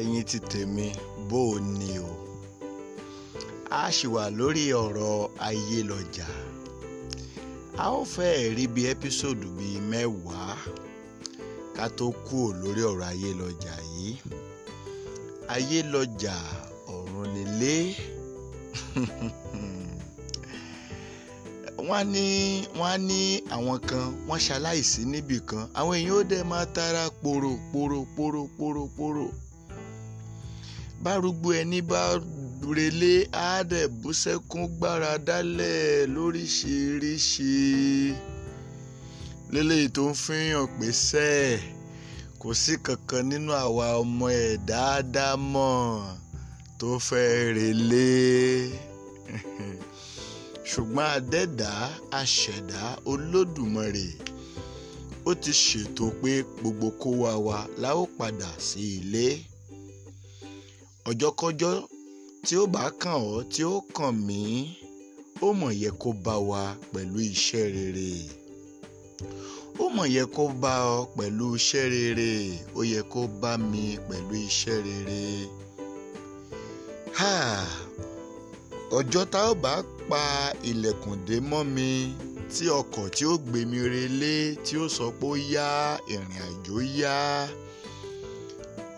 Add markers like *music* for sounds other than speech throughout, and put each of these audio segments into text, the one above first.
ẹ̀yin ti tèmi bó o ní o a ṣì wà lórí ọ̀rọ̀ ayé lọ́jà a ó fẹ́ẹ̀ rí bí ẹ́písòdù bíi mẹ́wàá ká tó kúrò lórí ọ̀rọ̀ ayé lọ́jà yìí ayé lọ́jà ọ̀run nílé *laughs* wọ́n ní wọ́n ní àwọn kan wọ́n ṣaláìsí níbì àwọn èèyàn ó dẹ̀ máa tara pòrò pòrò pòrò pòrò pòrò bárúgbó ẹni bá relé àádẹ́ bú sẹ́kún gbára dálẹ̀ lóríṣiríṣi lélẹ́yìí tó ń fihàn pé sẹ́ẹ̀ kò sí kankan nínú àwa ọmọ ẹ̀ dáadáa mọ̀ tó fẹ́ relé *laughs* ṣùgbọ́n adẹ́dá aṣẹ̀dá olódùmarè ó ti ṣètò pé gbogbo kó wa wa la padà sí ilé. Si ọjọ́kọ́jọ́ tí ó bá kàn ọ́ tí ó kàn mí ó mọ̀ yẹ kó bá wa pẹ̀lú iṣẹ́ rere ó mọ̀ yẹ kó bá ọ pẹ̀lú iṣẹ́ rere ó yẹ kó bá mi pẹ̀lú iṣẹ́ rere ha ọjọ́ tá ò bá pa ilẹ̀kùn dé mọ́ mi tí ọkọ̀ tí ó gbé mi relé tí ó sọ pé ó yá ìrìn àjò yá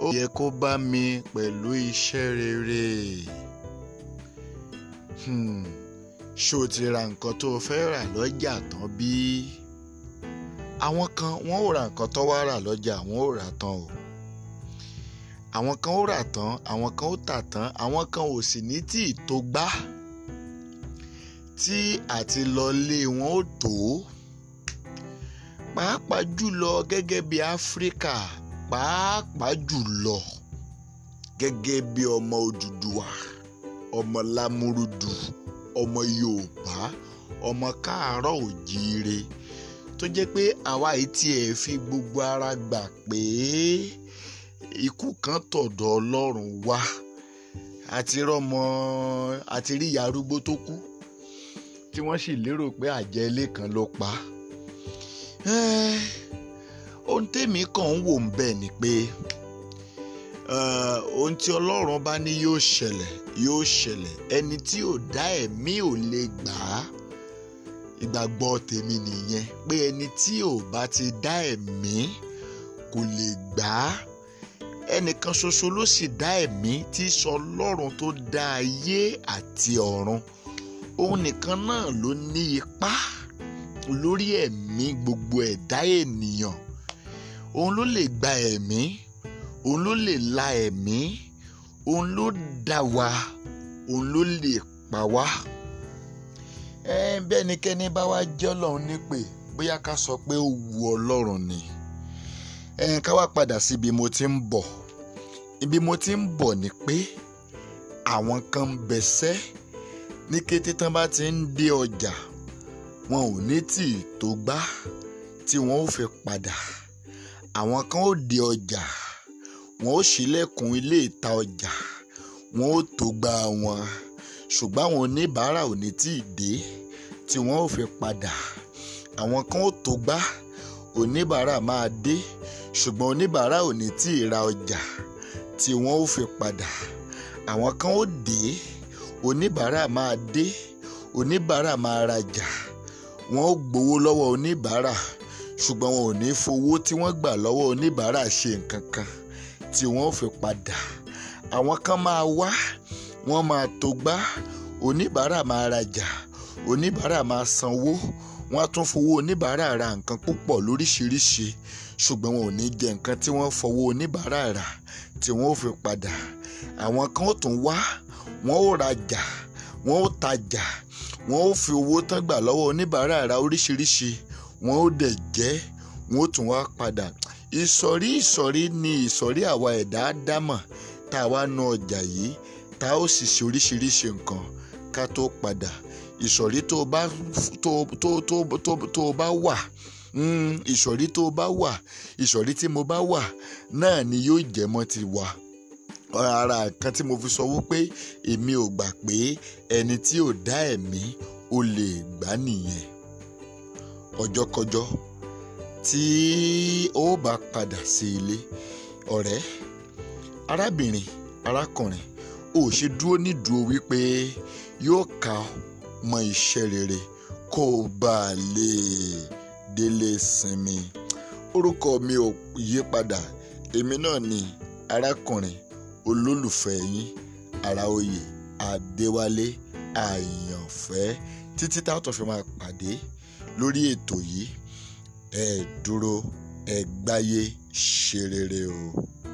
ó yẹ kó bá mi pẹ̀lú iṣẹ́ rere. Hmm, ṣó o ti ra nǹkan tó o fẹ́ rà lọ́jà tán bí? àwọn kan wọ́n ò ra nǹkan tó wá rà lọ́jà wọ́n ò rà tán o àwọn kan ó rà tán àwọn kan ó tà tán àwọn kan ò sì ní tí ì tó gbá tí àti lọlé wọn ó tó pàápàá jùlọ gẹ́gẹ́ bí Áfíríkà pàápàá jùlọ gẹ́gẹ́ bí ọmọ Odùduwà ọmọ Lámúrúdù ọmọ Yorùbá ọmọ káàárọ̀ òjíire tó jẹ́ pé àwa yìí tiẹ̀ fi gbogbo ara gbà pé ikú kan tọ̀dọ̀ Ọlọ́run wá àti rọ́mọ àti rí ìyá tó kú tí wọ́n sì lérò pé àjẹ́ ilé kan ló pa ohun tèmi kàn ń wò ń bẹ̀ ni pé ohun tí ọlọ́run bá ní yóò ṣẹlẹ̀ yóò ṣẹlẹ̀ ẹni tí ò dá ẹ̀mí ò lè gbà á ìgbàgbọ́ tèmi nìyẹn pé ẹni tí ò bá ti dá ẹ̀mí kò lè gbà á ẹnìkan ṣoṣo ló sì dá ẹ̀mí tí sọ ọlọ́run tó dá ayé àti ọ̀run òun nìkan náà ló ní ipá lórí ẹ̀mí gbogbo ẹ̀dá ènìyàn òun ló lè gba ẹ̀mí òun ló lè la ẹ̀mí òun ló dá wa òun ló lè pa wá. ẹ bẹ́ẹ̀ ni kẹ́ni bá wá jẹ́ ọlọ́run nípè bóyá ká sọ pé ó wu ọlọ́run ni ẹ ká wá padà sí ibi mo ti ń bọ̀ ibi mo ti ń bọ̀ ni pé àwọn kan ń ní kété tán bá ti ń dé ọjà wọn ò ní tì tó gbá tí wọn ò fẹ́ padà àwọn kan ó de ọjà wọn ó ṣílẹ̀kùn ilé ìta ọjà wọn ó tó gba wọn ṣùgbọ́n àwọn oníbàárà ò ní tí ì dé tí wọ́n ò fi padà àwọn kan ó tó gbá oníbàárà máa dé ṣùgbọ́n oníbàárà ò ní tí ì ra ọjà tí wọ́n ò fi padà àwọn kan ó dé oníbàárà máa dé oníbàárà máa rajà wọ́n ó gbowó lọ́wọ́ oníbàárà ṣùgbọ́n wọn ò ní fowó tí wọ́n gbà lọ́wọ́ oníbàárà ṣe nǹkan kan tí wọ́n ò fi padà àwọn kan máa wá wọ́n máa tó gbá oníbàárà máa rajà oníbàárà máa sanwó wọ́n á tún fowó oníbàárà ra nǹkan púpọ̀ lóríṣiríṣi ṣùgbọ́n wọn ò ní jẹ nǹkan tí wọ́n fọwọ́ oníbàárà rà tí wọ́n ò fi padà àwọn kan ó tún wá wọ́n ó rajà wọ́n ó tajà wọ́n ó fi owó tán gbà lọ́wọ́ oníbàárà ra oríṣiríṣi wọn ó dẹ̀ jẹ́ wọn ó tún wá padà ìsọ̀rí ìsọ̀rí ni ìsọ̀rí àwa ẹ̀dá dámọ̀ tá a wá nu ọjà yìí tá a ó sì ṣe oríṣiríṣi nǹkan ká tó padà ìsọ̀rí tó bá tó tó tó tó tó bá wà hmm, ìsọ̀rí tó bá wà ìsọ̀rí tí mo bá wà náà ni yóò jẹ́ mọ́ ti wà ara kan tí mo fi sọ wípé èmi ò gbà pé ẹni tí ò dá ẹ̀mí ó lè gbà nìyẹn ọjọ́kọjọ́ tí ó bá padà sí ilé ọ̀rẹ́ arábìnrin arákùnrin ò ṣe dúró nídùú wípé yóò kà mọ iṣẹ́ rere kó o bá a lè délé sinmi orúkọ mi ò yí padà èmi náà ni arákùnrin olólùfẹ́ yín àràoyè adéwálé àyànfẹ́ títí tá a tún fi máa pàdé lórí ètò yìí ẹ dúró ẹ gbáyé ṣe o.